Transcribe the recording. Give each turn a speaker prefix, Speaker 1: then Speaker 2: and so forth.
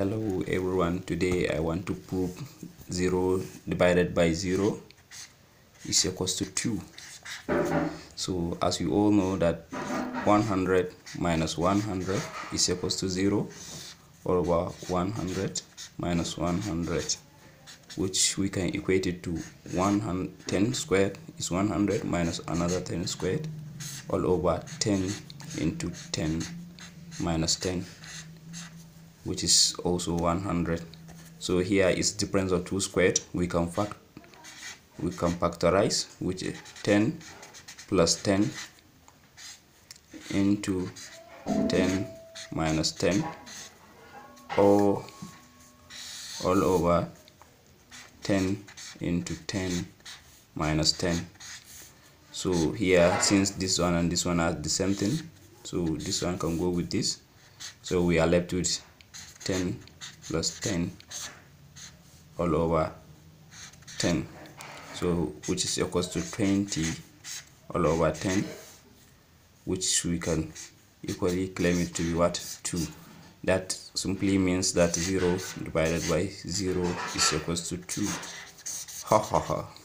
Speaker 1: hello everyone today i want to prove 0 divided by 0 is equals to 2 so as you all know that 100 minus 100 is equals to 0 over 100 minus 100 which we can equate it to 10 squared is 100 minus another 10 squared all over 10 into 10 minus 10 which is also 100 so here is difference of 2 squared we can fact we can factorize which is 10 plus 10 into 10 minus 10 or all over 10 into 10 minus 10 so here since this one and this one are the same thing so this one can go with this so we are left with 10 plus 10 all over 10 so which is equals to 20 all over 10 which we can equally claim it to be what 2 that simply means that 0 divided by 0 is equals to 2 ha ha ha